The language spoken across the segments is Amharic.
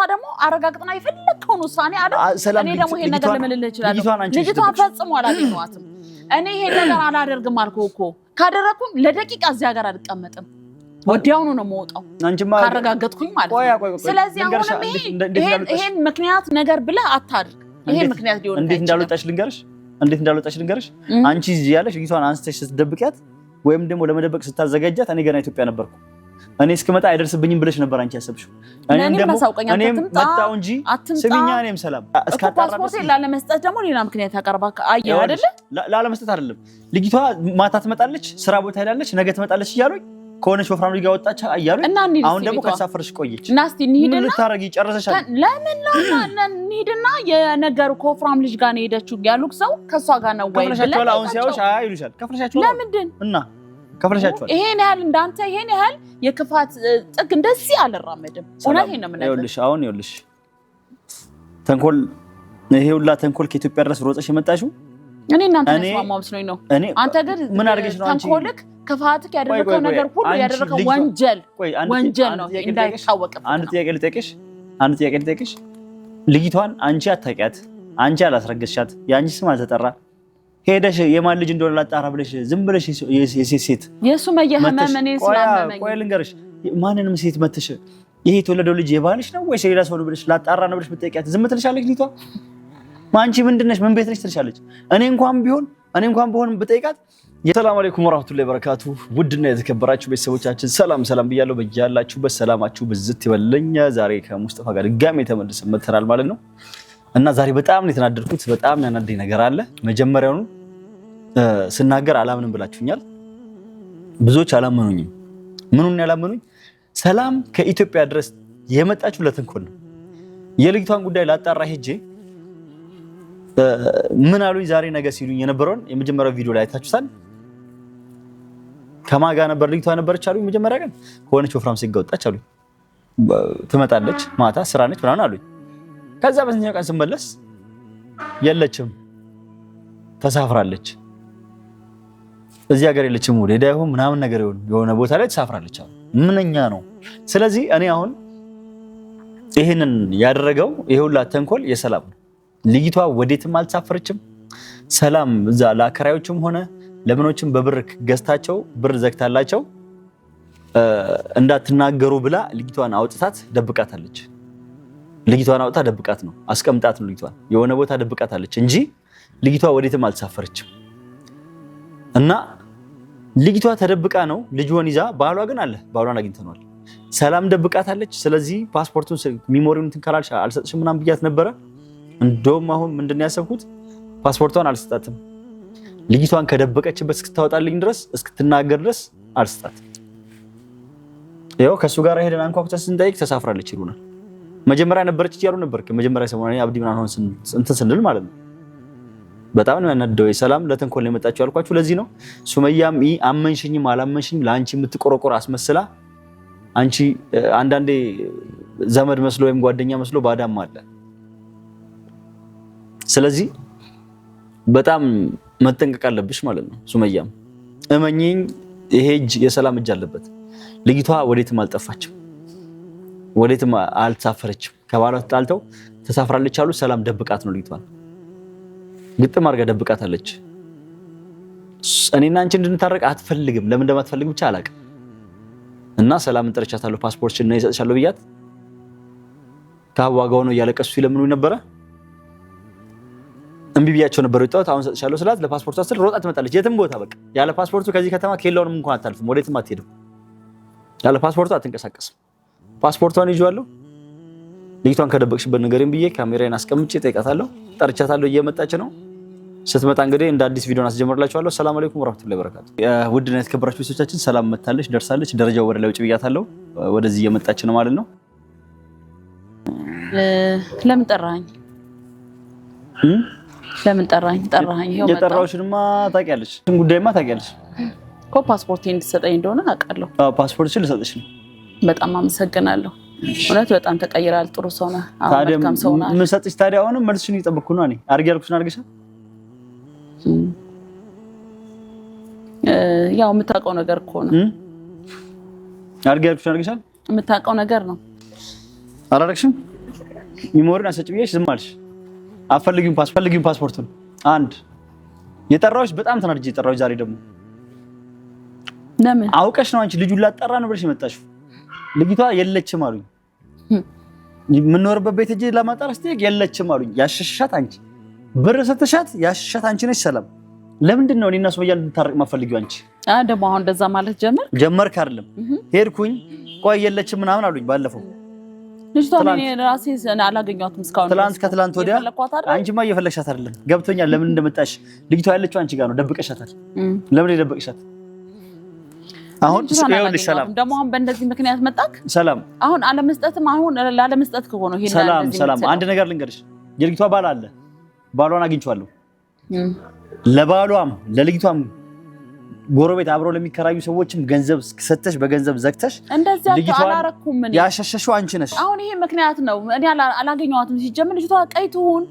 ልጅቷ ደግሞ አረጋግጥና የፈለግከውን ውሳኔ አለ። እኔ ደግሞ ይሄን ነገር ልምልልህ እችላለሁ። ልጅቷን ፈጽሞ አላገኘኋትም። እኔ ይሄን ነገር አላደርግም አልኩህ እኮ። ካደረግኩም ለደቂቃ እዚህ ሀገር አልቀመጥም። ወዲያውኑ ነው የምወጣው ካረጋገጥኩኝ ማለት ነው። ስለዚህ አሁንም ይሄን ምክንያት ነገር ብለህ አታድርግ። ይሄን ምክንያት ሊሆን እንዴት እንዳልወጣሽ ልንገርሽ እንዴት እንዳልወጣሽ ልንገርሽ። አንቺ እዚህ ያለሽ ልጅቷን አንስተሽ ስትደብቂያት ወይም ደግሞ ለመደበቅ ስታዘጋጃት እኔ ገና ኢትዮጵያ ነበርኩ። እኔ እስክመጣ አይደርስብኝም ብለሽ ነበር አንቺ ያሰብሽው። እኔም መጣው እንጂ ስሚኛ፣ እኔም ሰላም ፓስፖርት ላለመስጠት ደግሞ ሌላ ምክንያት ያቀርባ አየ አይደለ? ላለመስጠት አደለም። ልጅቷ ማታ ትመጣለች፣ ስራ ቦታ ሄዳለች፣ ነገ ትመጣለች እያሉኝ ከሆነች ወፍራም ልጅ ወጣች እያሉኝ፣ አሁን ደግሞ ከተሳፈረች ቆየች እና እስኪ እንሂድና ልታረጊ ጨረሰሻል። ለምን ነው እንሂድና የነገሩ ከወፍራም ልጅ ጋር ነው የሄደችው ያሉት ሰው ከእሷ ጋር ነው ወይ ብለህ አሁን ሲያዩሽ አይ ይሉሻል። ከፍለሻቸዋል። ለምንድን እና ከፍለሻቸዋል። ይሄን ያህል እንዳንተ ይሄን ያህል የክፋት ጥግ እንደዚህ አልራመድም። እውነቴን ነው አሁን ይኸውልሽ ተንኮል ይሄ ሁላ ተንኮል ከኢትዮጵያ ድረስ ሮጠሽ የመጣሽው እኔ እናንተ ስማማ መስሎኝ ነው። አንተ ግን ምን አድርገሽ ነው ተንኮልክ፣ ክፋትክ ያደረገው ነገር ሁሉ ያደረገው ወንጀል ወንጀል ነው እንዳይታወቅም። አንድ ጥያቄ ልጠይቅሽ፣ አንድ ጥያቄ ልጠይቅሽ። ልጅቷን አንቺ አታውቂያት፣ አንቺ አላስረገሻት፣ የአንቺ ስም አልተጠራ ሄደሽ የማን ልጅ እንደሆነ ላጣራ ብለሽ ዝም ብለሽ የሴት ሴት የእሱ መየህመም እኔ ስላመመኝ ቆይ ልንገርሽ፣ ማንንም ሴት መትሽ ይሄ የተወለደው ልጅ የባልሽ ነው ወይስ ሌላ ሰው ነው ብለሽ ላጣራ ነው ብለሽ ብትጠይቂያት ዝም ትልሻለች ልጅቷ። አንቺ ምንድን ነሽ? ምን ቤት ነሽ ትልሻለች። እኔ እንኳን ቢሆን እኔ እንኳን ቢሆን ብጠይቃት የሰላም አለይኩም ወራህመቱላሂ ወበረካቱ ውድና የተከበራችሁ ቤተሰቦቻችን ሰላም ሰላም ብያለሁ። በያላችሁበት በሰላማችሁ ብዝት ይበለኛ። ዛሬ ከሙስጠፋ ጋር ድጋሜ ተመልሰን መተናል ማለት ነው። እና ዛሬ በጣም ነው የተናደድኩት። በጣም ያናደኝ ነገር አለ። መጀመሪያውኑ ስናገር አላምንም ብላችሁኛል። ብዙዎች አላመኑኝም። ምኑን ያላመኑኝ? ሰላም ከኢትዮጵያ ድረስ የመጣችሁ ለትንኮል ነው። የልጅቷን ጉዳይ ላጣራ ሄጄ ምን አሉኝ ዛሬ ነገ ሲሉኝ የነበረውን የመጀመሪያው ቪዲዮ ላይ አይታችሁታል። ከማን ጋር ነበር ልጅቷ ነበረች አሉኝ። መጀመሪያ ቀን ከሆነች ወፍራም ሲጋ ወጣች አሉኝ። ትመጣለች ማታ ስራ ነች ምናምን አሉኝ። ከዛ በስንተኛው ቀን ስመለስ የለችም፣ ተሳፍራለች። እዚህ ሀገር የለችም፣ ወደ ሄዳ ይሁን ምናምን ነገር ይሁን የሆነ ቦታ ላይ ተሳፍራለች አሉ። ምንኛ ነው። ስለዚህ እኔ አሁን ይህንን ያደረገው ይሄ ሁላ ተንኮል የሰላም ነው። ልጅቷ ወዴትም አልተሳፈረችም። ሰላም እዛ ለአከራዮችም ሆነ ለምኖችም በብር ገዝታቸው ብር ዘግታላቸው እንዳትናገሩ ብላ ልጅቷን አውጥታት ደብቃታለች። ልጅቷን አውጥታ ደብቃት ነው አስቀምጣት ነው ልጅቷን የሆነ ቦታ ደብቃት አለች እንጂ ልጅቷ ወዴትም አልተሳፈረችም። እና ልጅቷ ተደብቃ ነው ልጅን ይዛ፣ ባሏ ግን አለ ባሏን አግኝተነዋል። ሰላም ደብቃት አለች። ስለዚህ ፓስፖርቱን ሚሞሪውን ትንከላል አልሰጥሽም ምናምን ብያት ነበረ። እንደውም አሁን ምንድን ያሰብኩት ፓስፖርቷን አልሰጣትም። ልጅቷን ከደበቀችበት እስክታወጣልኝ ድረስ እስክትናገር ድረስ አልሰጣትም። ያው ከእሱ ጋር ሄደን አንኳኩተን ስንጠይቅ ተሳፍራለች ይሉናል። መጀመሪያ ነበረች እያሉ ነበር። መጀመሪያ ሰሞኑን አብዲ ምናምን እንትን ስንል ማለት ነው። በጣም ነው ያናደው። ሰላም ለተንኮል ነው የመጣችው ያልኳችሁ ለዚህ ነው። ሱመያም አመንሽኝም አላመንሽኝም ለአንቺ የምትቆረቆር አስመስላ አንቺ አንዳንዴ ዘመድ መስሎ ወይም ጓደኛ መስሎ ባዳም አለ። ስለዚህ በጣም መጠንቀቅ አለብሽ ማለት ነው። ሱመያም እመኝኝ፣ ይሄ እጅ የሰላም እጅ አለበት። ልጅቷ ወዴትም አልጠፋችም። ወዴትም አልተሳፈረችም። ከባሏ ተጣልተው ተሳፍራለች አሉ። ሰላም ደብቃት ነው ልጅቷን ግጥም አድርጋ ደብቃታለች። እኔና አንቺ እንድንታረቅ አትፈልግም። ለምን እንደማትፈልግ ብቻ አላውቅም። እና ሰላምን ጠርቻታለሁ። ፓስፖርትሽን ነው እሰጥሻለሁ ብያት ከዋጋው ነው እያለቀሱ ይለምኑ ነበረ። እምቢ ብያቸው ነበር የወጣሁት። አሁን እሰጥሻለሁ ስላት ለፓስፖርቷ ስል ሮጣ ትመጣለች። የትም ቦታ በቃ ያለ ፓስፖርቱ ከዚህ ከተማ ኬላውንም እንኳን አታልፍም፣ ወዴትም አትሄድም። ያለ ፓስፖርቱ አትንቀሳቀስም። ፓስፖርቷን ይዤዋለሁ። ልጅቷን ከደበቅሽበት ነገርም ብዬ ካሜራዬን አስቀምጬ ጠይቃታለሁ። ጠርቻታለሁ። እየመጣች ነው። ስትመጣ እንግዲህ እንደ አዲስ ቪዲዮን አስጀምርላችኋለሁ። ሰላም አለይኩም ወራህመቱላሂ ወበረካቱ። ውድና የተከበራችሁ ቤቶቻችን ሰላም መታለች፣ ደርሳለች። ደረጃው ወደ ላይ ውጭ ብያታለሁ። ወደዚህ እየመጣች ነው ማለት ነው። ለምን ጠራኸኝ? ለምን ጠራኝ? ጠራኸኝ የጠራሁሽንማ ታውቂያለሽ፣ ጉዳይማ ታውቂያለሽ እኮ ፓስፖርት እንድትሰጠኝ እንደሆነ አውቃለሁ። ፓስፖርት ልሰጥሽ ነው በጣም አመሰግናለሁ። እውነት በጣም ተቀይራል። ጥሩ ሰው ነህ። ሰጥሽ? ታዲያ አሁንም መልስሽን እየጠበቅኩ ነው። እኔ አድርጌ ያልኩሽን አድርገሻል። ያው የምታውቀው ነገር እኮ ነው። አድርጌ ያልኩሽን አድርገሻል። የምታውቀው ነገር ነው። አላረግሽም። ሚሞሪን አሰጭ ብዬሽ ዝም አልሽ። አፈልጊውን ፓስ ፈልጊውን ነው አንድ የጠራዎች በጣም ተናድጄ የጠራዎች ዛሬ ደግሞ ለምን አውቀሽ ነው አንቺ ልጁን ላጠራ ነው ብለሽ የመጣሽው ልጅቷ የለችም አሉኝ። የምንኖርበት ቤት እጅ ለማጣር ስትሄድ የለችም አሉኝ። ያሸሻት አንቺ ብር ስትሻት ያሸሻት አንቺ ነች። ሰላም ለምንድን ነው እኔና ሱመያ ልታረቅ መፈልጊ? አንቺ? አዎ ደግሞ አሁን እንደዛ ማለት ጀመር ጀመርክ አይደለም። ሄድኩኝ ቆይ የለችም ምናምን አሉኝ። ባለፈው ትላንት ከትላንት ራሴ አላገኘኋትም እስካሁን። ትናንት ከትናንት ወዲያ አንቺማ እየፈለግሻት አይደለም ገብቶኛል። ለምን እንደመጣሽ ልጅቷ ያለችው አንቺ ጋር ነው። ደብቀሻታል። ለምን ደብቀሻት? አሁን ሰላም ደግሞ አሁን በእንደዚህ ምክንያት መጣክ። ሰላም አሁን አለመስጠትም አሁን ላለመስጠት ከሆነ ይሄ ሰላም ሰላም፣ አንድ ነገር ልንገርሽ፣ የልጅቷ ባል አለ፣ ባሏን አግኝቼዋለሁ። ለባሏም ለልጅቷም ጎረቤት አብረው ለሚከራዩ ሰዎችም ገንዘብ ሰተሽ በገንዘብ ዘግተሽ እንደዚህ አላረኩም። እኔ ያሸሸሽው አንቺ ነሽ። አሁን ይሄ ምክንያት ነው። እኔ አላገኘኋትም። ሲጀምር ልጅቷ ቀይ ትሁን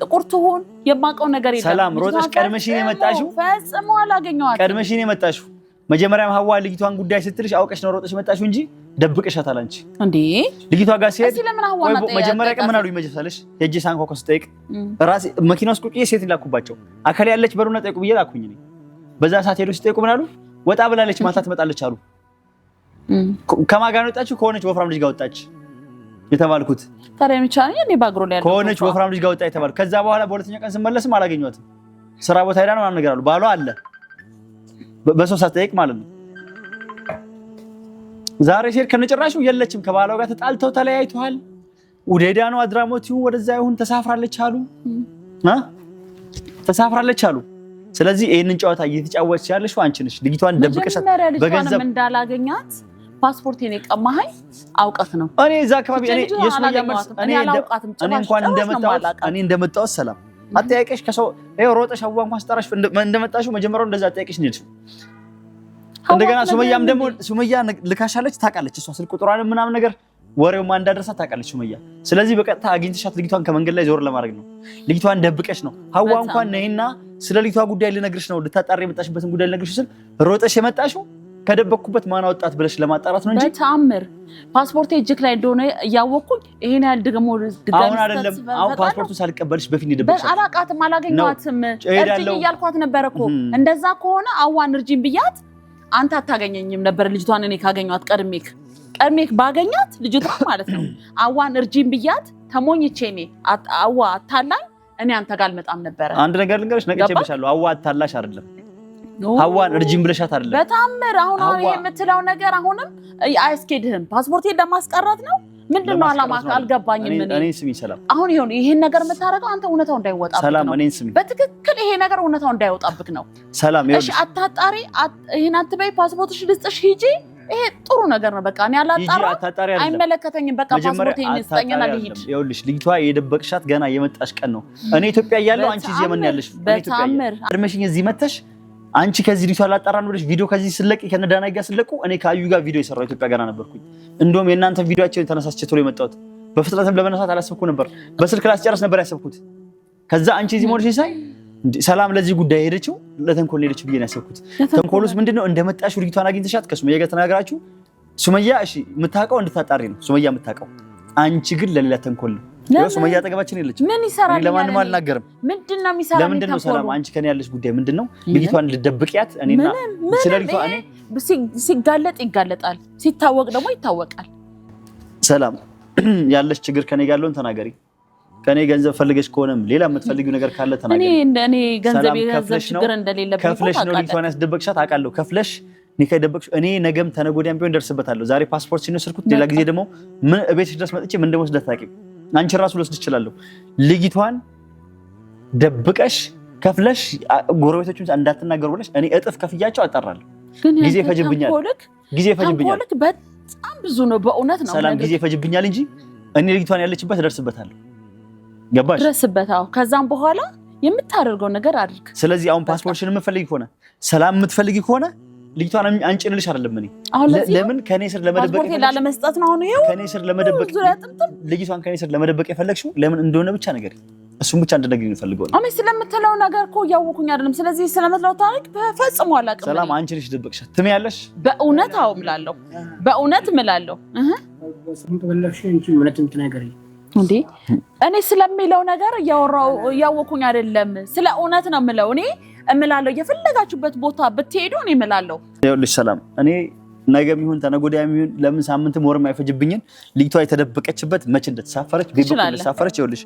ጥቁር ትሁን የማውቀው ነገር የለም። ሰላም ሮጠሽ ነው የመጣሽው ፈጽሞ አላገኘኋትም። ነው የመጣሽው መጀመሪያም ሀዋ ልጅቷን ጉዳይ ስትልሽ አውቀሽ ነው ሮጠሽ መጣሽ እንጂ ደብቀሻታል። አንቺ እንዴ ልጅቷ ጋር ሲሄድ መጀመሪያ ቀን ምን አሉኝ መጀሳለሽ ሄጄ ሳንኳኳ ስጠይቅ ራሴ መኪና ውስጥ ቁጭ ሴት ላኩባቸው አካል ያለች በሩና ጠይቁ ብዬ ላኩኝ። በዛ ሰዓት ሄዶ ሲጠይቁ ምን አሉ ወጣ ብላለች፣ ማታ ትመጣለች አሉ። ከማን ጋር ወጣችሁ? ከሆነች ወፍራም ልጅ ጋር ወጣች የተባልኩት ከሆነች ወፍራም ልጅ ጋር ወጣ የተባልኩት። ከዛ በኋላ በሁለተኛ ቀን ስመለስም አላገኘኋትም። ስራ ቦታ ሄዳ ነው ምናምን ነገር አሉ። ባሏ አለ በሰው ሳትጠይቅ ማለት ነው። ዛሬ ሴት ከነጭራሹ የለችም። ከባሏ ጋር ተጣልተው ተለያይተዋል። ውዴዳ ነው አድራሞት ይሁን ወደዛ ይሁን ተሳፍራለች አሉ ተሳፍራለች አሉ። ስለዚህ ይህንን ጨዋታ እየተጫወተች ያለሽው አንቺ ነሽ። ልጅቷን ደብቀሽ በገንዘብ እንዳላገኛት ፓስፖርቴን የቀማኸኝ አውቀት ነው። እኔ እዛ አካባቢ እኔ እንኳን እኔ እንደመጣሁት ሰላም አጠያቂሽ ከሰው ሮጠሽ ሀዋ እንኳን ስጠራሽ እንደመጣሽው መጀመሪያው እንደዛ አጠያቂሽ ነው እንደገና ሱመያም ደግሞ ሱመያ ልካሻለች፣ ታውቃለች። እሷ ስልክ ቁጥሯን ምናምን ነገር ማን እንዳደረሳ ታውቃለች ሱመያ። ስለዚህ በቀጥታ አግኝተሻት ልጅቷን ከመንገድ ላይ ዞር ለማድረግ ነው፣ ልጅቷን ደብቀሽ ነው። ሀዋ እንኳን ነይና ስለ ልጅቷ ጉዳይ ልነግርሽ ነው፣ ልታጣሪ የመጣሽበትን ጉዳይ ልነግርሽ ስል ሮጠሽ የመጣሽው ከደበኩበት ማን አወጣት ብለሽ ለማጣራት ነው እንጂ በተአምር ፓስፖርቴ እጅክ ላይ እንደሆነ እያወቅኩኝ ይሄን ያህል ደግሞ አሁን አይደለም። አሁን ፓስፖርቱን ሳልቀበልሽ በፊት ደበ አላቃትም፣ አላገኘኋትም። እርጅኝ እያልኳት ነበረ እኮ እንደዛ ከሆነ አዋን እርጅኝ ብያት አንተ አታገኘኝም ነበር ልጅቷን እኔ ካገኘኋት ቀድሜክ ቀድሜክ ባገኛት ልጅቷ ማለት ነው አዋን እርጅኝ ብያት ተሞኝቼ እኔ አዋ አታላኝ እኔ አንተ ጋር አልመጣም ነበረ። አንድ ነገር ልንገርሽ፣ ነቅቼብሻለሁ። አዋ አታላሽ አይደለም ሀዋን እርጅም ብለሻት አለ። በታምር አሁን አሁን የምትለው ነገር አሁንም አያስኬድህም። ፓስፖርት ለማስቀረት ነው ምንድን ነው አላማ? አልገባኝም። እኔ ስሚ ሰላም፣ አሁን ይሁን ይሄን ነገር የምታደርገው አንተ እውነታው እንዳይወጣብህ ነው። ሰላም፣ እኔን ስሚ፣ በትክክል ይሄ ነገር እውነታው እንዳይወጣብህ ነው። ሰላም፣ ይሁን እሺ፣ አታጣሪ፣ ይሄን አትበይ፣ ፓስፖርትሽ ልስጥሽ፣ ሂጂ። ይሄ ጥሩ ነገር ነው። በቃ እኔ አላጣራ፣ አይመለከተኝም። በቃ ፓስፖርት ይስጠኝና ልሂድ። ይኸውልሽ ልጅቷ የደበቅሻት ገና የመጣሽ ቀን ነው። እኔ ኢትዮጵያ እያለሁ አንቺ እዚህ የምን ያለሽ በታምር አድመሽኝ እዚህ መተሽ አንቺ ከዚህ ዲቱ አላጣራን ብለሽ ቪዲዮ ከዚህ ስለቅ ከነዳናይ ጋር ስለቁ እኔ ከአዩ ጋር ቪዲዮ የሰራው ኢትዮጵያ ገና ነበርኩኝ። እንደውም የእናንተ ቪዲዮአቸውን ተነሳስቼ ቶሎ የመጣሁት በፍጥነትም ለመነሳት አላሰብኩ ነበር። በስልክ ላስጨረስ ነበር ያሰብኩት። ከዛ አንቺ እዚህ ሞደሽ ሳይ ሰላም ለዚህ ጉዳይ ሄደችው ለተንኮል ሄደችው ብዬ ነው ያሰብኩት። ተንኮሉስ ምንድነው? እንደመጣሽ ልጅቷን አግኝተሻት ከሱመያ ጋር ተናገራችሁ። ሱመያ እሺ የምታውቀው እንድታጣሪ ነው ሱመያ የምታውቀው። አንቺ ግን ለሌላ ተንኮል ነው ሱመያ አጠገባችን የለች። ምን ይሰራል? ለማንም አልናገርም። ምንድን ነው የሚሰራው? ለምንድን ነው ሰላም? አንቺ ከኔ ያለሽ ጉዳይ ምንድን ነው? ልጅቷን ልደብቅያት? ሲጋለጥ ይጋለጣል፣ ሲታወቅ ደግሞ ይታወቃል። ሰላም ያለሽ ችግር ከኔ ጋር ያለውን ተናገሪ። ከኔ ገንዘብ ፈልገሽ ከሆነም ሌላ የምትፈልጊው ነገር ካለ ተናገሪ። ከፍለሽ ነው ልጅቷን ያስደበቅሻት አውቃለሁ። ከፍለሽ ኒካ የደበቅሽው እኔ ነገም ተነገ ወዲያም ቢሆን ደርስበታለሁ። ዛሬ ፓስፖርት ሲነው ስልኩት ሌላ ጊዜ ደግሞ ምን እቤትሽ ድረስ መጥቼ ምን ደግሞ ስለታውቂው አንቺ ራሱ ልወስድ እችላለሁ። ልጅቷን ደብቀሽ ከፍለሽ ጎረቤቶችን እንዳትናገሩ ብለሽ እኔ እጥፍ ከፍያቸው አጠራለሁ። ጊዜ ፈጅብኛል፣ ጊዜ ፈጅብኛል፣ በጣም ብዙ ነው። በእውነት ነው ሰላም፣ ጊዜ ፈጅብኛል እንጂ እኔ ልጅቷን ያለችበት እደርስበታለሁ። ገባሽ? እደርስበታው። ከዛም በኋላ የምታደርገው ነገር አድርግ። ስለዚህ አሁን ፓስፖርትሽን የምትፈልጊ ከሆነ ሰላም የምትፈልጊ ከሆነ ልጅቷን አንጭንልሽ አይደለም። እኔ ለምን ከኔ ስር ለመደበቅ ላለመስጠት ነው። አሁን ከኔ ስር ለመደበቅ ልጅቷን ከኔ ስር ለመደበቅ የፈለግሽው ለምን እንደሆነ ብቻ ነገር እሱም ብቻ እንድነግሪኝ እፈልጋለሁ። አሜ ስለምትለው ነገር እኮ እያወኩኝ አይደለም። ስለዚህ ስለምትለው ታሪክ በፈጽሞ አላውቅም። ሰላም አንቺ ልጅ ትም ያለሽ በእውነት አዎ እምላለሁ፣ በእውነት እምላለሁ። እንዴ እኔ ስለሚለው ነገር እያወራው እያወኩኝ አይደለም፣ ስለ እውነት ነው የምለው። እኔ እምላለሁ የፈለጋችሁበት ቦታ ብትሄዱ እኔ እምላለሁ። ይኸውልሽ ሰላም፣ እኔ ነገ የሚሆን ተነገ ወዲያ የሚሆን ለምን ሳምንት ወር አይፈጅብኝም። ልጅቷ የተደበቀችበት መቼ እንደተሳፈረች ቤት በኩል እንደተሳፈረች፣ ይኸውልሽ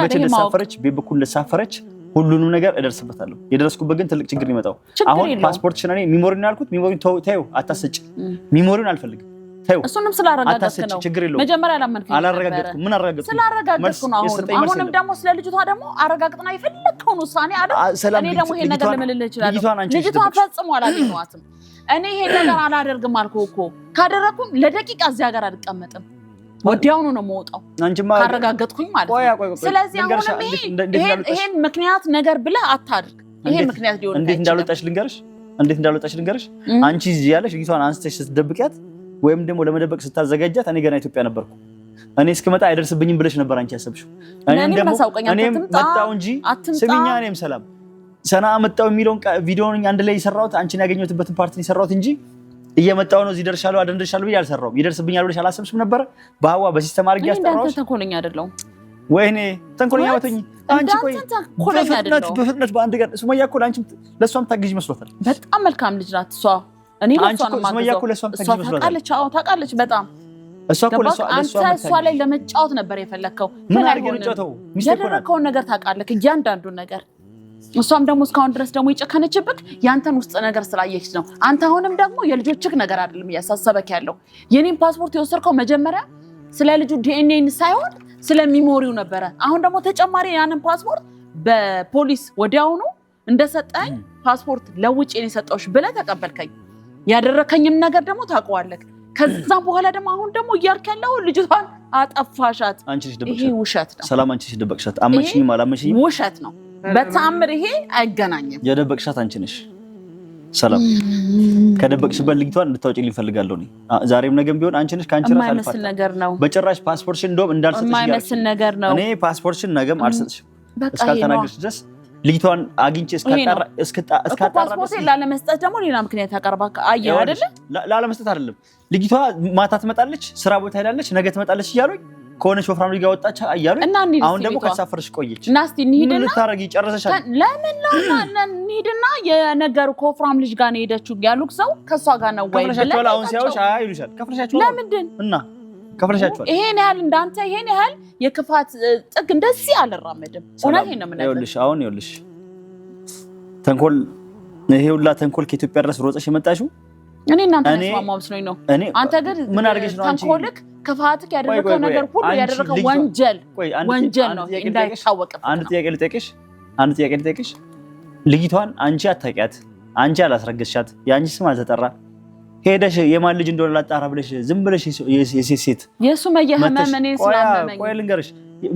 መቼ እንደተሳፈረች ቤት በኩል እንደተሳፈረች ሁሉንም ነገር እደርስበታለሁ። የደረስኩበት ግን ትልቅ ችግር ይመጣው። አሁን ፓስፖርትሽን እኔ ሚሞሪን ያልኩት። ሚሞሪን ተይው፣ አታሰጭ። ሚሞሪን አልፈልግም እሱንም ስላረጋገጥክ ነው። መጀመሪያ አላመንክም። አላረጋገጥኩም። ምን አረጋገጥኩ? ስላረጋገጥኩ ነው። አሁን አሁንም ደግሞ ስለ ልጅቷ ደግሞ አረጋግጥና የፈለግከውን ውሳኔ አለ። እኔ ደግሞ ይሄን ነገር ልምልልህ እችላለሁ። ልጅቷ ፈጽሞ አላገኘኋትም። እኔ ይሄን ነገር አላደርግም አልኩህ እኮ። ካደረግኩም ለደቂቃ እዚህ ሀገር አልቀመጥም። ወዲያውኑ ነው የምወጣው ካረጋገጥኩኝ ማለት ነው። ስለዚህ አሁንም ይሄን ምክንያት ነገር ብለህ አታድርግ። ይሄ ምክንያት ሊሆን እንዴት እንዳልወጣሽ ልንገርሽ፣ እንዴት እንዳልወጣሽ ልንገርሽ። አንቺ እዚህ ያለሽ ልጅቷን አንስተሽ ስትደብቂያት ወይም ደግሞ ለመደበቅ ስታዘጋጃት እኔ ገና ኢትዮጵያ ነበርኩ። እኔ እስክመጣ አይደርስብኝም ብለሽ ነበር አንቺ ያሰብሽው። እኔም ደግሞ እኔም መጣሁ እንጂ ስሚኛ፣ እኔም ሰላም ሰና መጣሁ የሚለውን ቪዲዮን አንድ ላይ የሰራሁት አንቺን ያገኘሁትበትን ፓርቲን የሰራሁት እንጂ እየመጣው ነው እዚህ ደርሻለሁ አደንደርሻለሁ ብዬ አልሰራሁም። ይደርስብኛል ብለሽ አላሰብሽም ነበረ። በሀዋ በሲስተም አድርጌ ያስጠራሁሽ። ተንኮለኛ አይደለሁም። ወይኔ ተንኮለኛ በተኝ አንቺ ቆይ በፍጥነት በአንድ ቀን ሱመያ እኮ ለእሷም ታግዥ መስሎታል። በጣም መልካም ልጅ ናት እሷ እኔ ታውቃለች፣ አዎ ታውቃለች በጣም አንተ እሷ ላይ ለመጫወት ነበር የፈለግከው። ያደረግከውን ነገር ታውቃለህ፣ እያንዳንዱን ነገር እሷም ደግሞ እስካሁን ድረስ ደግሞ የጨከነችበት የአንተን ውስጥ ነገር ስላየች ነው። አንተ አሁንም ደግሞ የልጆችህ ነገር አይደለም እያሳሰበክ ያለው። የኔን ፓስፖርት የወሰድከው መጀመሪያ ስለ ልጁ ዲኤንኤን ሳይሆን ስለሚሞሪው ነበረ። አሁን ደግሞ ተጨማሪ ያንን ፓስፖርት በፖሊስ ወዲያውኑ እንደሰጠኝ ፓስፖርት ለውጭ የሰጠሁሽ ብለህ ተቀበልከኝ። ያደረከኝም ነገር ደግሞ ታውቀዋለህ። ከዛ በኋላ ደግሞ አሁን ደግሞ እያልክ ያለው ልጅቷን አጠፋሻት። ይሄ ውሸት ነው። ሰላም ውሸት ነው። በተአምር ይሄ አይገናኝም። የደበቅሻት አንቺ ነሽ። ሰላም ከደበቅሽበት ልጅቷን እንድታወጪልኝ እፈልጋለሁ። ዛሬም ነገም ቢሆን አንቺ ነሽ። ከአንቺ ራስ አልፋት ነገር ነው። በጭራሽ ፓስፖርትሽን እንደውም እንዳልሰጥሽ እኔ ፓስፖርትሽን ነገም አልሰጥሽም እስካልተናገርሽ ድረስ ልጅቷን አግኝቼ እስካጣራፓስፖርት ላለመስጠት ደግሞ ሌላ ምክንያት ያቀርባ አየ አደለ ላለመስጠት አይደለም። ልጅቷ ማታ ትመጣለች፣ ስራ ቦታ ሄዳለች፣ ነገ ትመጣለች እያሉኝ ከሆነ ወፍራም ልጅ ጋር ወጣች እያሉኝ፣ አሁን ደግሞ ከተሳፈረች ቆየች እና እስኪ እንሂድና ልታረጊ ጨረሰሻል። ለምን እንሂድና የነገሩ ከወፍራም ልጅ ጋር ነው የሄደችው ያሉት ሰው ከእሷ ጋር ነው ወይ ብለህ አሁን ሲያዩሽ ለምንድን እና ከፍለሻቸዋል። ይሄን ያህል እንዳንተ ይሄን ያህል የክፋት ጥግ እንደዚህ አልራመድም። እውነት ነው የምነግርሽ። አሁን ይኸውልሽ ተንኮል፣ ይሄ ሁላ ተንኮል ከኢትዮጵያ ድረስ ሮጠሽ የመጣሽው እኔ እናንተ መስማማ መስሎኝ ነው። አንተ ግን ምን አድርገሽ ነው ተንኮልክ ክፋትክ ያደረገው ነገር ሁሉ ያደረገው ወንጀል ወንጀል ነው እንዳይታወቅ። አንድ ጥያቄ ልጠይቅሽ፣ አንድ ጥያቄ ልጠይቅሽ። ልጅቷን አንቺ አታውቂያት፣ አንቺ አላስረገዝሻት፣ የአንቺ ስም አልተጠራ ሄደሽ የማን ልጅ እንደሆነ ላጣራ ብለሽ ዝም ብለሽ የሴት ሴት የሱመያ ህመም እኔ ስላመመኝ፣ ቆይ ልንገርሽ፣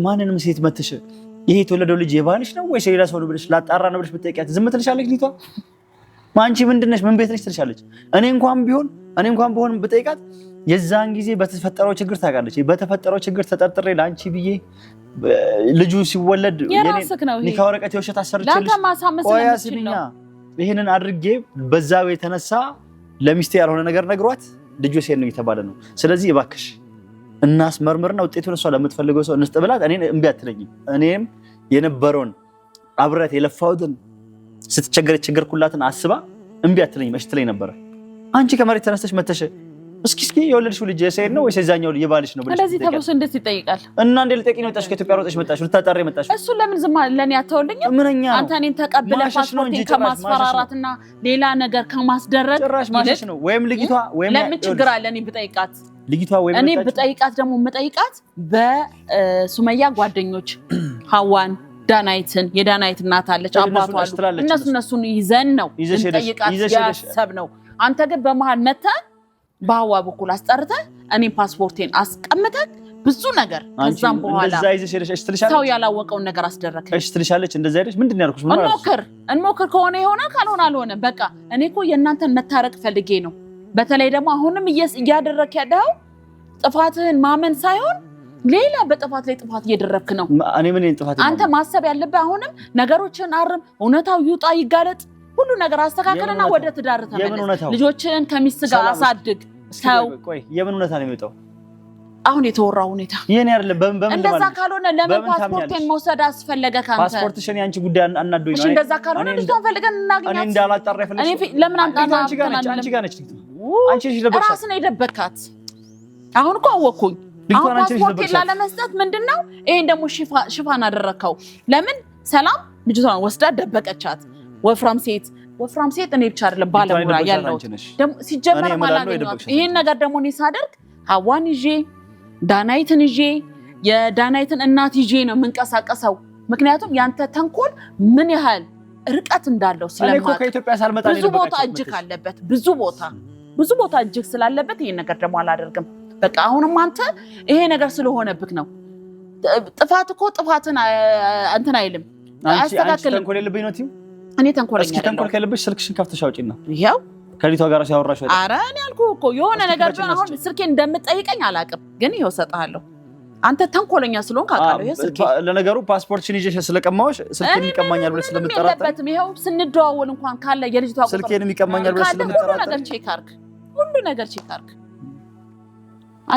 ማንንም ሴት መትሽ ይሄ የተወለደው ልጅ የባልሽ ነው ወይስ ሌላ ሰው ነው ብለሽ ላጣራ ነው ብለሽ ብትጠይቂያት ዝም ትልሻለች። ሊቷ ማንቺ ምንድን ነሽ ምን ቤት ነሽ ትልሻለች። እኔ እንኳን ቢሆን እኔ እንኳን ቢሆን ብጠይቃት የዛን ጊዜ በተፈጠረው ችግር ታውቃለች። በተፈጠረው ችግር ተጠርጥሬ ለአንቺ ብዬ ልጁ ሲወለድ ኒካ ወረቀት የውሸት አሰርችልሽ። ቆይ አስሚኛ ይህንን አድርጌ በዛ የተነሳ ለሚስቴ ያልሆነ ነገር ነግሯት ልጁ ሴት ነው የተባለ ነው። ስለዚህ እባክሽ እናስመርምርና ውጤቱን እሷ ለምትፈልገው ሰው እንስጥ ብላት እኔን እምቢ አትለኝም። እኔም የነበረውን አብረት የለፋሁትን ስትቸገር የቸገርኩላትን አስባ እምቢ አትለኝም። እሺ ትለኝ ነበረ። አንቺ ከመሬት ተነስተሽ መተሽ እስኪ እስኪ የወለድሽው ልጅ የሰኢድ ነው ወይስ የዛኛው የባልሽ ነው? እንደዚህ ተብሎ እንደዚህ ይጠይቃል። እና እንዴ ልጠይቂ ነው የመጣሽ? ከኢትዮጵያ ሮጠሽ መጣሽ፣ ልታጣሪ መጣሽ። እሱን ለምን ዝም አለ? ለኔ አተወልኝም። ምንኛ አንተ እኔን ተቀብለ ፓስፖርቴን እና ሌላ ነገር ከማስደረግ ጭራሽ ማሸሽ ነው። ወይም ልጅቷ ወይም ለምን ችግር አለ? እኔ ብጠይቃት ልጅቷ ወይም እኔ ብጠይቃት ደግሞ የምጠይቃት በሱመያ ጓደኞች ሀዋን ዳናይትን የዳናይት እናት አለች፣ አባቷ አሉ። እነሱ እነሱን ይዘን ነው ጠይቃት ያሰብ ነው። አንተ ግን በመሀል መተን በህዋ በኩል አስጠርተ እኔ ፓስፖርቴን አስቀምጠህ ብዙ ነገር ከዛም በኋላ ሰው ያላወቀውን ነገር አስደረግሽ ትልሻለች። እንደዛ አይደለች። ምንድን ያልኩሽ? እንሞክር እንሞክር፣ ከሆነ የሆነ ካልሆነ አልሆነ። በቃ እኔ እኮ የእናንተን መታረቅ ፈልጌ ነው። በተለይ ደግሞ አሁንም እያደረክ ያለው ጥፋትህን ማመን ሳይሆን ሌላ በጥፋት ላይ ጥፋት እየደረብክ ነው። እኔ ምን ጥፋት? አንተ ማሰብ ያለብህ አሁንም ነገሮችን አርም፣ እውነታው ይውጣ ይጋለጥ። ሁሉ ነገር አስተካከልና ወደ ትዳር ተመለስ። ልጆችን ከሚስት ጋር አሳድግ። ሰው የምን እውነታ ነው የሚወጣው? አሁን የተወራ ሁኔታ ይሄን አይደለም። በምን እንደዛ ካልሆነ ለምን ፓስፖርትን መውሰድ አስፈለገ? ካንተ ፓስፖርትሽ እኔ አንቺ ጉዳይ አናዶኝ ነው። እሺ እንደዛ ካልሆነ ልጅቷን ፈልገን እናገኛት። እኔ እንዳላጣራ ይፈልግ እኔ ለምን አምጣና አንቺ ጋር ነች። አንቺ ጋር ነች። አንቺ ነሽ ደበቅሻት። ራስ ነው የደበካት። አሁን እኮ አወኩኝ። ፓስፖርት ፓስፖርቴን ላለመስጠት ምንድን ነው ይሄን ደግሞ ሽፋን አደረከው። ለምን ሰላም ልጅቷን ወስዳ ደበቀቻት። ወፍራም ሴት ወፍራም ሴት እኔ ብቻ አይደለም ባለሙያ ያለሁት ሲጀመር ማላገኘት ይህን ነገር ደግሞ እኔ ሳደርግ ሀዋን ይዤ ዳናይትን ይዤ የዳናይትን እናት ይዤ ነው የምንቀሳቀሰው። ምክንያቱም ያንተ ተንኮል ምን ያህል ርቀት እንዳለው ብዙ ቦታ እጅግ አለበት ብዙ ቦታ ብዙ ቦታ እጅግ ስላለበት ይሄን ነገር ደግሞ አላደርግም። በቃ አሁንም አንተ ይሄ ነገር ስለሆነብክ ነው። ጥፋት እኮ ጥፋትን እንትን አይልም አያስተካክልም። እኔ ተንኮለኛ እስኪ ተንኮል ከልብሽ ስልክሽን ከፍተሽ አውጪና ይኸው ከሊቷ ጋር ሲያወራሽ አይደል? ኧረ እኔ አልኩህ እኮ የሆነ ነገር ቢሆን አሁን ስልኬ እንደምጠይቀኝ አላውቅም፣ ግን ይኸው እሰጥሃለሁ። አንተ ተንኮለኛ ስለሆንክ አውቃለሁ። ይኸው ስልኬ ለነገሩ ፓስፖርትሽን ይዤሽ ስለቀማሁሽ ስልኬን ይቀማኛል ብለሽ ስለምጠራጠር ይኸው ስንደዋወል እንኳን ካለ የልጅቷ ቁጥር ስልኬንም ይቀማኛል ብለሽ ስለምጠራጠር ሁሉ ነገር ቼክ አድርግ፣ ሁሉ ነገር ቼክ አድርግ።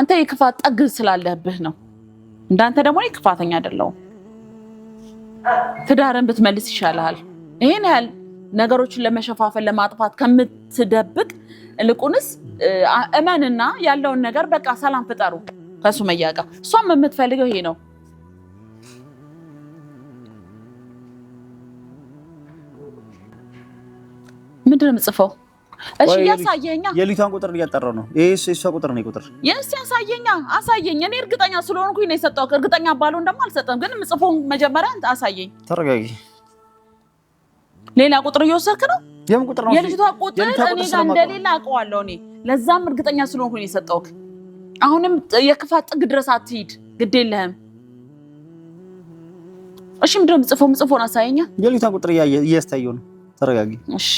አንተ የክፋት ጠግ ስላለብህ ነው። እንዳንተ ደግሞ እኔ ክፋተኛ አይደለሁም። ትዳርን ብትመልስ ይሻልሃል። ይህን ያህል ነገሮችን ለመሸፋፈን ለማጥፋት ከምትደብቅ ልቁንስ እመንና ያለውን ነገር በቃ ሰላም ፍጠሩ ከሱመያ ጋር። እሷም የምትፈልገው ይሄ ነው። ምንድን ነው የምጽፈው? እሺ የሊቷን ቁጥር እያጠራው ነው። ይሄ እሷ ቁጥር ነው ቁጥር ያሳየኛ አሳየኝ። እኔ እርግጠኛ ስለሆንኩኝ ነው የሰጠው። እርግጠኛ ባለው ደግሞ አልሰጠም። ግን ምጽፎ መጀመሪያ አሳየኝ። ተረጋጊ ሌላ ቁጥር እየወሰድክ ነው። የምን ቁጥር ነው? የልጅቷ ቁጥር እኔ ጋር እንደሌላ አውቀዋለሁ እኔ። ለዛም እርግጠኛ ስለሆንኩ ነው የሰጠውክ። አሁንም የክፋት ጥግ ድረስ አትሂድ፣ ግድ የለህም። እሺ፣ ምንድን ነው የምጽፈው? ምጽፎን አሳየኛ። የልጅቷ ቁጥር እያስታየው ነው። ተረጋጊ። እሺ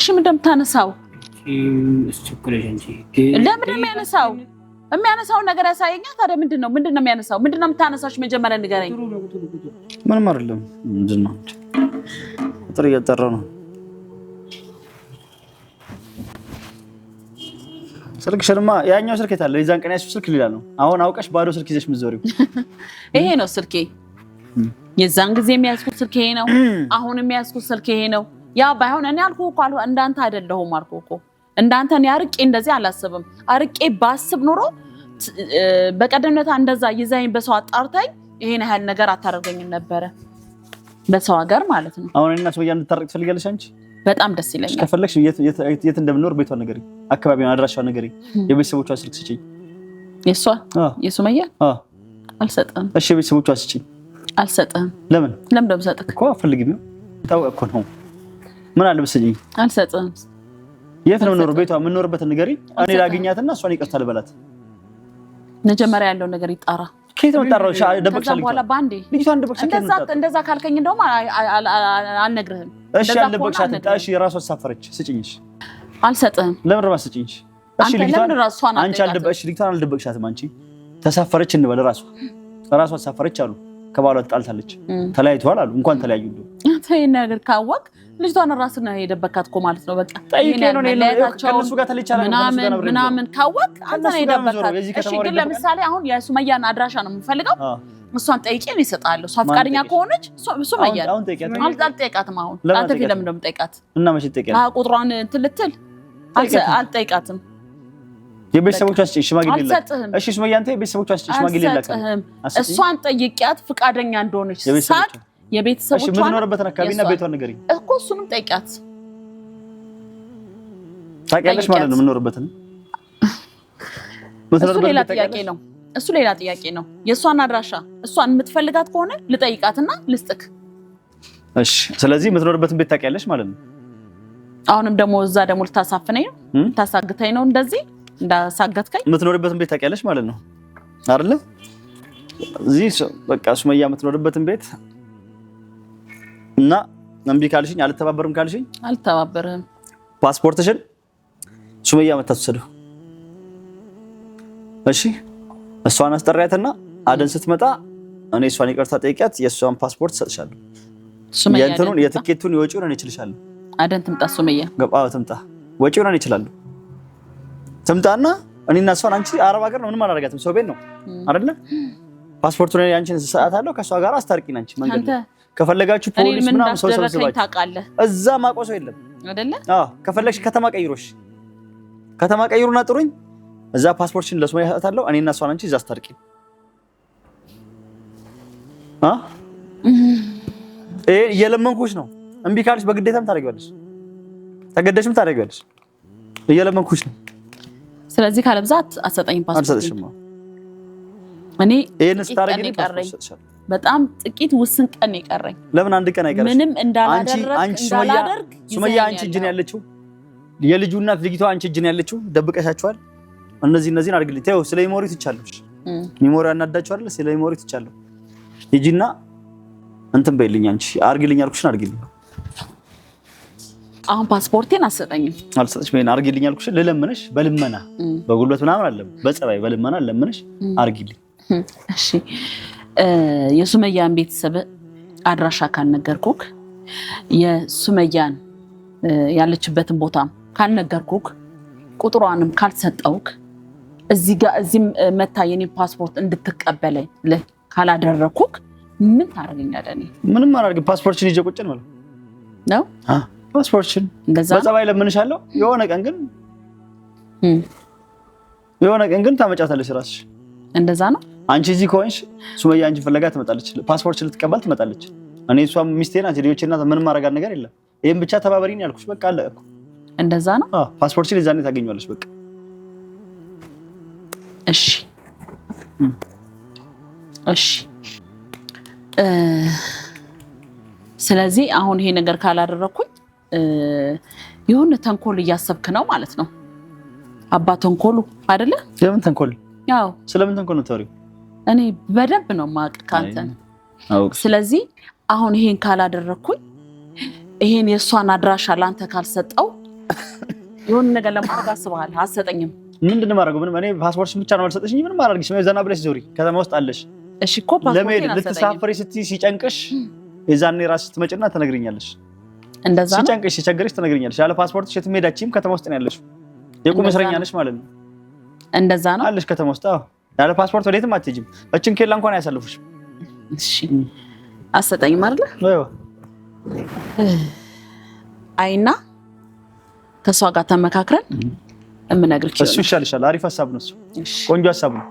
እሺ፣ ምንድን ነው የምታነሳው? ለምን የሚያነሳው የሚያነሳው ነገር ያሳየኛ። ታዲያ ምንድን ነው ምንድን ነው የሚያነሳው? ምንድን ነው መጀመሪያ ንገረኝ። ምንም አይደለም። ምንድን ነው ቁጥር ነው። ያኛው ስልክ የታለ? የዛን ቀን ያዝሽው ስልክ ሌላ ነው። አሁን አውቀሽ ባዶ ስልክ ይዘሽ የምትዞሪው ይሄ ነው ስልኬ። የዛን ጊዜ የሚያስኩት ስልክ ይሄ ነው። አሁን የሚያስኩት ስልክ ይሄ ነው። ያ ባይሆን እኔ አልኩ እኮ እንዳንተ አይደለሁም አልኩህ እኮ እንዳንተን እኔ አርቄ እንደዚህ አላስብም። አርቄ ባስብ ኖሮ በቀደምነት እንደዛ ይዛኝ በሰው አጣርታኝ ይሄን ያህል ነገር አታደርገኝም ነበረ። በሰው ሀገር ማለት ነው። አሁን እና ሱመያ እንድታረቅ ትፈልጊያለሽ አንቺ? በጣም ደስ ይለኛል። ከፈለግሽ የት እንደምኖር ቤቷን ንገሪኝ፣ አካባቢዋን፣ አድራሻ ንገሪኝ፣ የቤተሰቦቿ ስልክ ስጪኝ። የእሷ የሱመያ አልሰጥም። እሺ የቤተሰቦቿ ስጪኝ። አልሰጥም። ለምን ለምን ደምሰጥክ እኮ አፈልግም ነው ታውቀው ነው ምን አለ ብትሰጪኝ አልሰጥም የት ነው ኖር ቤቷ የምኖርበትን ንገሪ። እኔ ላግኛትና እሷን ይቅርታ ልበላት። መጀመሪያ ያለው ነገር ይጣራ። ከየት ነው የምጣራው? ደበቅሻል። እንደዛ ካልከኝ እንደውም አልነግርህም። እሺ አልደበቅሻትም። እሺ የራሷ ተሳፈረች። ስጭኝሽ። አልሰጥህም። ለምን እራሱ ስጭኝሽ። እሺ ልጅቷን አልደበቅሻትም። አንቺ ተሳፈረች እንበል። ራሷ ራሷ ተሳፈረች አሉ ከባሏ ትጣልታለች፣ ተለያይተዋል አሉ። እንኳን ተለያዩ እንደ ይህን ነገር ካወቅ ልጅቷን ራስ ነው የደበካት እኮ ማለት ነው። በቃ ምናምን ካወቅ አንተ ነው የደበካት። እሺ ግን ለምሳሌ አሁን የሱመያን አድራሻ ነው የምፈልገው። እሷን ጠይቄ ነው ይሰጣለሁ። እሷ ፈቃደኛ ከሆነች ሱመያ አልጠይቃትም። አሁን ለምን ነው የምጠይቃት? ቁጥሯን እንትን ልትል አልጠይቃትም የቤተሰቦቻችን ሽማግሌ አልሰጥህም። እሺ ሱመያ፣ አንተ የቤተሰቦቻችን ሽማግሌ አልሰጥህም። እሷን ጠይቂያት ፍቃደኛ እንደሆነች ሳቅ የቤተሰቦቿን የምትኖርበትን አካባቢና ቤቷን ንገሪኝ እኮ እሱንም ጠይቂያት። ታውቂያለሽ ማለት ነው የምትኖርበትን። እሱ ሌላ ጥያቄ ነው። እሱ ሌላ ጥያቄ ነው። የእሷን አድራሻ እሷን የምትፈልጋት ከሆነ ልጠይቃትና ልስጥክ። እሺ፣ ስለዚህ የምትኖርበትን ቤት ታውቂያለሽ ማለት ነው። አሁንም ደግሞ እዛ ደግሞ ልታሳፍነኝ ነው፣ ልታሳግተኝ ነው እንደዚህ እንዳሳገትከኝ የምትኖርበትን ቤት ታውቂያለሽ ማለት ነው አይደለ? እዚህ በቃ ሱመያ የምትኖርበትን ቤት እና እምቢ ካልሽኝ አልተባበርም ካልሽኝ አልተባበርም። ፓስፖርትሽን ሱመያ መታ ትወስደው። እሺ እሷን አስጠሪያትና አደን ስትመጣ እኔ እሷን ይቅርታ ጠይቂያት፣ የእሷን ፓስፖርት ሰጥሻለሁ። የእንትኑን የትኬቱን የወጪውን እኔ እችልሻለሁ። አደን ትምጣ ሱመያ ገባ ትምጣ፣ ወጪውን እኔ እችላለሁ። ትምጣና እኔና እሷን አንቺ አረብ ሀገር ነው ምንም አላደርጋትም፣ ሰው ቤት ነው አይደለ? ፓስፖርቱ ላይ አንቺን ሰዓት አለው ከእሷ ጋር አስታርቂ ናንቺ መንገድ ከፈለጋችሁ ፖሊስ ምናምን ሰው ሰብስባችሁ እዛ ማቆ ሰው የለም አይደለ? አዎ ከፈለግሽ ከተማ ቀይሮሽ ከተማ ቀይሩና ጥሩኝ። እዛ ፓስፖርትሽን ለሶማሌ ሰዓት አለው እኔና እሷን አንቺ እዛ አስታርቂ። አ እህ እየለመንኩሽ ነው። እምቢ ካልሽ በግዴታም ታደርጊዋለሽ፣ ተገደሽም ታደርጊዋለሽ። እየለመንኩሽ ነው ስለዚህ ካለብዛት አሰጠኝ ፓስፖርት። እኔ በጣም ጥቂት ውስን ቀን የቀረኝ። ለምን አንድ ቀን አይቀርም? ምንም እንዳላደርግ ሱመያ፣ አንቺ እጅን ያለችው የልጁ እናት ልጅቷ፣ አንቺ እጅን ያለችው ደብቀሻቸዋል። እነዚህ እነዚህን አድርግልኝ ተይው። ስለ ሚሞሪ ትቻለሁ። ሜሞሪ አናዳችሁ አይደል? ስለ ሜሞሪ ትቻለሁ። ሂጂና እንትን በይልኝ፣ አንቺ አድርግልኝ አልኩሽን አድርግልኝ አሁን ፓስፖርቴን አትሰጠኝም። አልሰጠሽ ምን አርጊልኝ አልኩሽ። ልለምነሽ በልመና በጉልበት ምናምን አለም በጸባይ በልመና ለምነሽ አርጊልኝ። እሺ የሱመያን ቤተሰብ አድራሻ ካልነገርኩክ የሱመያን ያለችበትን ቦታም ካልነገርኩክ ቁጥሯንም ካልሰጠውክ እዚህ ጋር እዚህም መታ የኔ ፓስፖርት እንድትቀበለኝ ካላደረግኩክ ምን ታደርገኛለህ? ምንም አላደርግም። ፓስፖርትሽን ይዤ ቁጭ ነው ነው ፓስፖርትሽን በጸባይ የሆነ ቀን ግን የሆነ ቀን ግን ታመጫታለሽ ራስሽ። እንደዛ ነው። አንቺ እዚህ ከሆንሽ ሱመያ አንቺ ፍለጋ ትመጣለች። ፓስፖርት ልትቀበል ትመጣለች። እኔ እሷ ሚስቴ ናት፣ ልጆቼ ናት። ምንም ነገር የለም። ይህም ብቻ ተባበሪን ያልኩሽ። በቃ አለ እንደዛ ነው። ፓስፖርትሽን የዛኔ ታገኘዋለች። በቃ እሺ፣ እሺ። ስለዚህ አሁን ይሄ ነገር ካላደረኩኝ የሆነ ተንኮል እያሰብክ ነው ማለት ነው። አባ ተንኮሉ አይደለ? የምን ተንኮል? ያው ስለምን ተንኮል ነው ታሪው? እኔ በደንብ ነው ማቅ ካንተን። ስለዚህ አሁን ይሄን ካላደረግኩኝ ይሄን የእሷን አድራሻ ለአንተ ካልሰጠው የሆነ ነገር ለማድረግ አስበሃል። አትሰጠኝም? ምንድን ነው የማደርገው? ምንም እኔ ፓስፖርትሽን ብቻ ነው አልሰጠሽኝ። ምንም አላደርግሽ። ዘና ብለሽ ዞሪ፣ ከተማ ውስጥ አለሽ። እሺ እኮ ፓስፖርት ለመሄድ ልትሳፈሪ ስትይ ሲጨንቅሽ የዛኔ ራስሽ ትመጭና ትነግሪኛለሽ። እንደዛ ነው። ሲጨንቅሽ ሲቸገርሽ ትነግሪኛለሽ። ያለ ፓስፖርት የትም ሄዳችም ከተማ ውስጥ ነው ያለሽ። የቁም እስረኛ ነሽ ማለት ነው። እንደዛ ነው አለሽ። ከተማ ውስጥ አዎ፣ ያለ ፓስፖርት ወዴትም አትሄጂም። እችን ኬላ እንኳን አያሳልፉሽም። አሰጠኝ አሰጠኝም አይና ከእሷ ጋር ተመካክረን እምነግርሽ እሱ ይሻል። አሪፍ ሀሳብ ነው ቆንጆ ሀሳብ ነው።